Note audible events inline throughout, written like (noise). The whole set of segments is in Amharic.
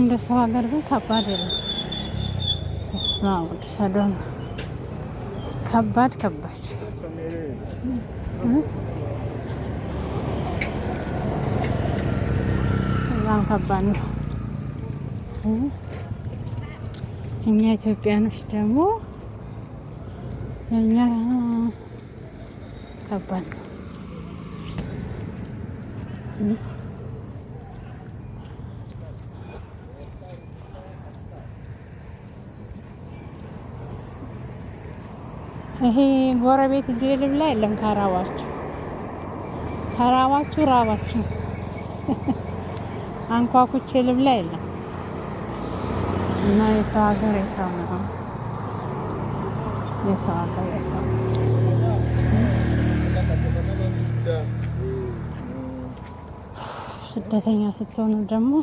እንደ ሰው ሀገር ግን ከባድ የለም። እስማ ሰዶም ከባድ ከባድ በጣም ከባድ ነው። እኛ ኢትዮጵያኖች ደግሞ እኛ ከባድ ነው። ይሄ ጎረቤት እጅ ልብላ የለም። ከራባችሁ ከራባችሁ ራባችሁ (laughs) አንኳኩቼ ልብላ የለም እና የሰው ሀገር የሰው ነው የሰው ሀገር የሰው ስደተኛ ስትሆኑ ደግሞ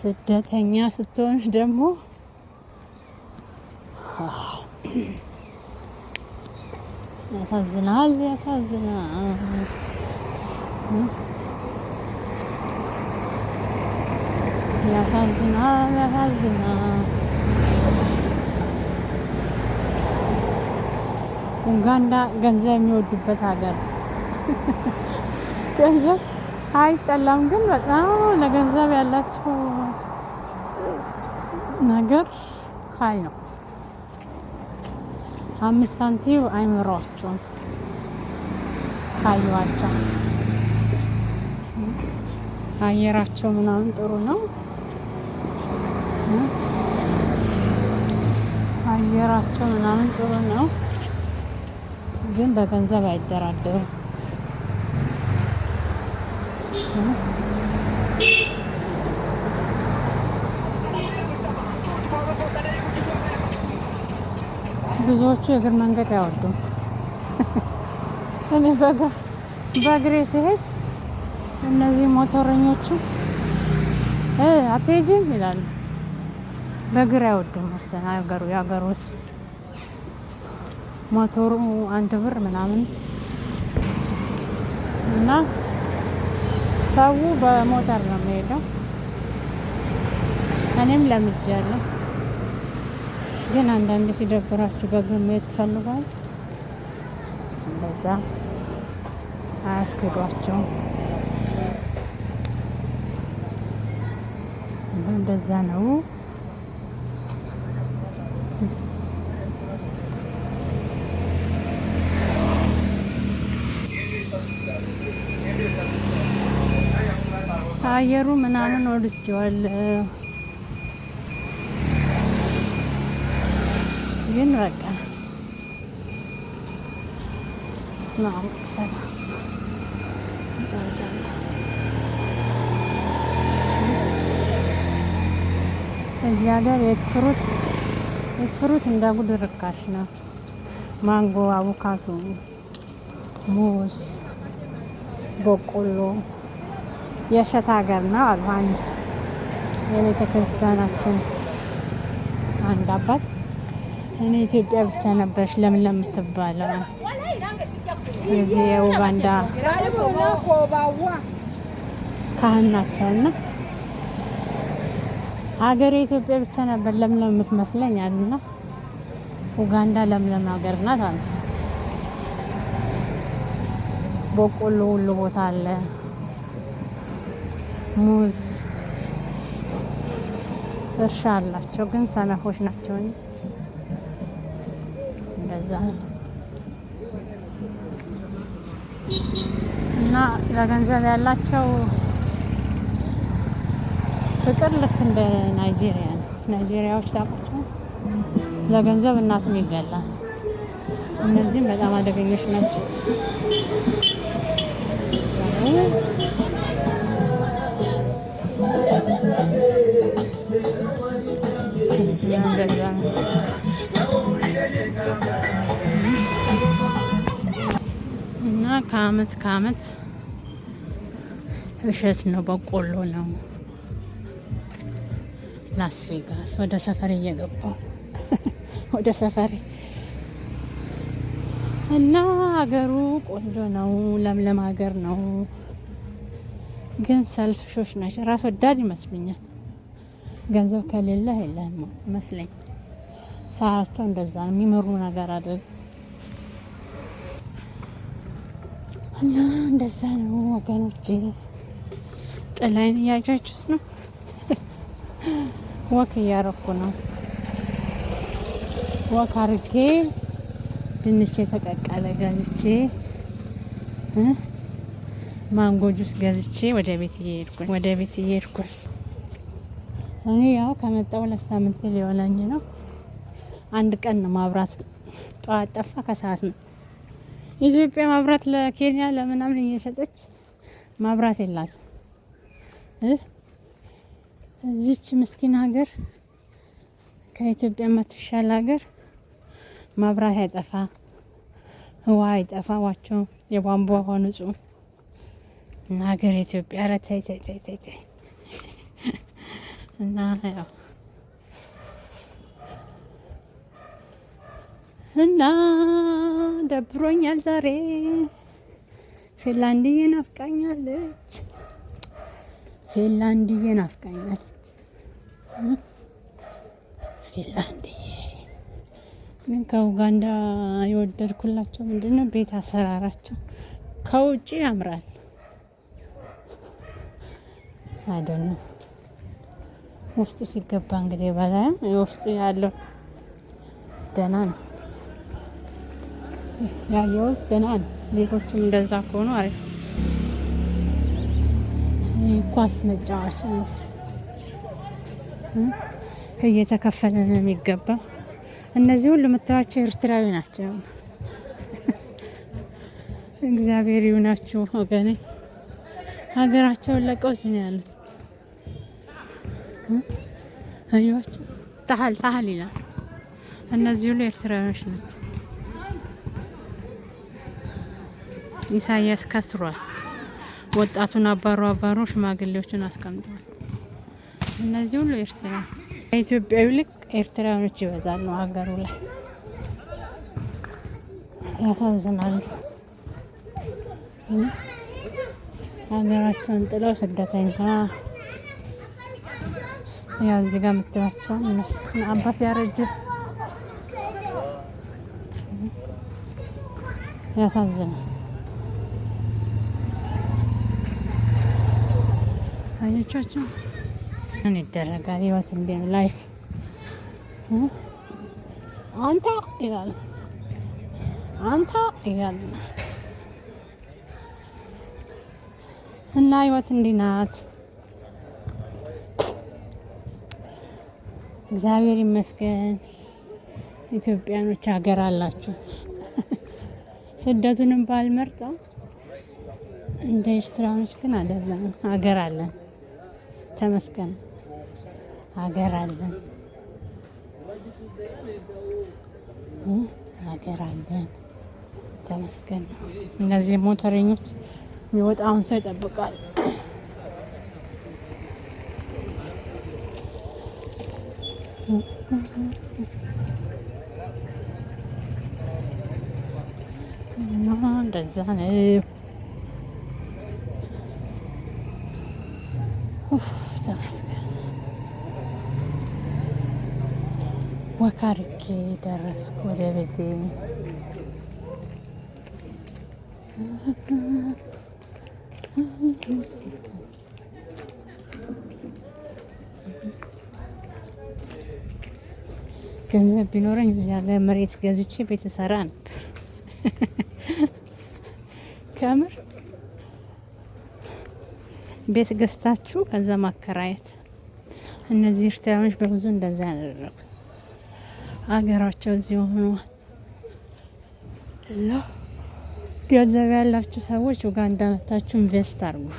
ስደተኛ ስትሆኑ ደግሞ (clears throat) ያሳዝናል፣ ያሳዝናል። ያሳዝናል፣ ያሳዝናል። ኡጋንዳ ገንዘብ የሚወዱበት ሀገር ገንዘብ አይጠላም፣ ግን በጣም ለገንዘብ ያላቸው ነገር ሀይ ነው። አምስት ሳንቲም አይምሯችሁም ካየዋቸው አየራቸው ምናምን ጥሩ ነው። አየራቸው ምናምን ጥሩ ነው፣ ግን በገንዘብ አይደራደሩም። ብዙዎቹ የእግር መንገድ አይወዱም። እኔ በእግሬ ሲሄድ እነዚህ ሞተረኞቹ አትሄጂም ይላሉ። በእግር አይወዱም መሰለኝ ሀገሩ የሀገር ሞተሩ አንድ ብር ምናምን እና ሰው በሞተር ነው የሚሄደው። እኔም ለምጃለሁ። ግን አንዳንድ ሲደብራችሁ በእግር መሄድ ትፈልጓል። እንደዛ አያስክዷቸው። እንደዛ ነው። አየሩ ምናምን ወድጀዋል። ግን በቃ እዚህ ሀገር የትፍሩት የትፍሩት እንደ ጉድ ርካሽ ነው። ማንጎ፣ አቮካዶ፣ ሙዝ፣ በቆሎ የሸት ሀገር ነው አሉ አንድ የቤተ ክርስቲያናችን አንድ አባት እኔ ኢትዮጵያ ብቻ ነበረች ለምን ለምትባለው እዚህ የኡጋንዳ ካህን እና ሀገር ኢትዮጵያ ብቻ ነበር ለምለም የምትመስለኝ አሉና ኡጋንዳ ለምለም ሀገር ናት አሉ። በቆሎ ሁሉ ቦታ አለ፣ ሙዝ እርሻ አላቸው፣ ግን ሰነፎች ናቸው። እንደዛ ነው እና ለገንዘብ ያላቸው ፍቅር ልክ እንደ ናይጄሪያ ነው። ናይጄሪያዎች ታውቃቸው ለገንዘብ እናትን ይገላል። እነዚህም በጣም አደገኞች ናቸው። ከአመት ከአመት እሸት ነው፣ በቆሎ ነው። ላስ ቬጋስ ወደ ሰፈር እየገባው (laughs) ወደ ሰፈሬ እና ሀገሩ ቆንጆ ነው፣ ለምለም ሀገር ነው። ግን ሰልፍሾች ናቸው። ራስ ወዳድ ይመስሉኛል። ገንዘብ ከሌለ የለም መስለኝ። ሰዓቸው እንደዛ የሚመሩ ነገር አይደለም። እና እንደዛ ነው ወገኖች። ጥላይን እያያችሁት ነው። (laughs) ወክ እያረኩ ነው። ወክ አርጌ ድንች የተቀቀለ ገዝቼ ማንጎ ጁስ ገዝቼ ወደ ቤት እየሄድኩ ወደ ቤት እየሄድኩ እኔ ያው ከመጣሁ ሁለት ሳምንት ሊሆነኝ ነው። አንድ ቀን ነው ማብራት ጠዋት ጠፋ ከሰዓት ነው ኢትዮጵያ ማብራት ለኬንያ ለምናምን እየሸጠች ማብራት የላት እዚች ምስኪን ሀገር ከኢትዮጵያ የማትሻል ሀገር ማብራት አይጠፋ፣ ህዋ አይጠፋ አይጠፋዋቸው፣ የቧንቧ ሆኑ ንጹህ እና ሀገር ኢትዮጵያ ረታይ ታይ ታይ ታይ ታይ እና ያው እና ደብሮኛል ዛሬ ፊንላንድዬ ናፍቃኛለች። ፊንላንድዬ ናፍቃኛለች። ፊንላንድዬ ምን ከኡጋንዳ የወደድኩላቸው ምንድነው ቤት አሰራራቸው ከውጭ ያምራል። አይደለ ውስጡ ሲገባ እንግዲህ በላይ ውስጡ ያለው ደህና ነው። ያየሁት ደህና ነው። ሌሎቹም እንደዛ ከሆኑ አሪፍ። ኳስ መጫወት እየተከፈለ ነው የሚገባ። እነዚህ ሁሉ የምታዩቸው ኤርትራዊ ናቸው። (laughs) እግዚአብሔር ይሁናችሁ ወገኔ። ሀገራቸውን ለቀው ነው ያሉት። ታህል ታህል ይላል። እነዚህ ሁሉ ኤርትራዊዎች ናቸው። ኢሳያስ ከስሯል። ወጣቱን አባሮ አባሮ ሽማግሌዎችን አስቀምጠዋል። እነዚህ ሁሉ ኤርትራ ከኢትዮጵያዊ ልክ ኤርትራኖች ይበዛሉ ሀገሩ ላይ ያሳዝናሉ። ሀገራቸውን ጥለው ስደተኛ ያው እዚህ ጋር የምትሏቸውን አባት ያረጀ ያሳዝናል። አልቻቸው ምን ይደረጋል? ህይወት እንዲህ ላይፍ አንተ ይላል አንተ ይላል እና ህይወት እንዲህ ናት። እግዚአብሔር ይመስገን ኢትዮጵያኖች ሀገር አላችሁ። ስደቱንም ባልመርጠው እንደ ኤርትራኖች ግን አይደለም ሀገር አለን። ተመስገን ሀገር አለን ሀገር አለን ተመስገን ነው። እነዚህ ሞተረኞች የሚወጣውን ሰው ይጠብቃል። (clears throat) እንደዛ ነው። ወካ አድርጌ ደረስኩ ወደ ቤቴ። ገንዘብ ቢኖረኝ እዚ ሀገር መሬት ገዝቼ ቤት ሰራ ነበር። ከምር ቤት ገዝታችሁ ከዛ ማከራየት። እነዚህ ኤርትራኖች በብዙ እንደዛ ያደረጉት አገራቸው እዚህ ሆኗል እና ገንዘብ ያላችሁ ሰዎች ኡጋንዳ መታችሁ ኢንቨስት አድርጉ፣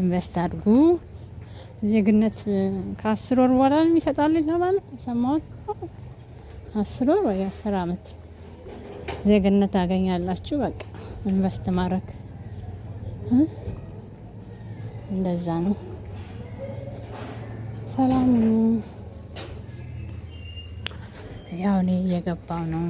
ኢንቨስት አድርጉ። ዜግነት ከአስር ወር በኋላ ነው ይሰጣሉ ይባላል። ሰማሁት። አስር ወር ወይ አስር አመት ዜግነት አገኛላችሁ። በቃ ኢንቨስት ማድረግ እንደዛ ነው። ሰላም ነው። ያው እኔ እየገባው ነው።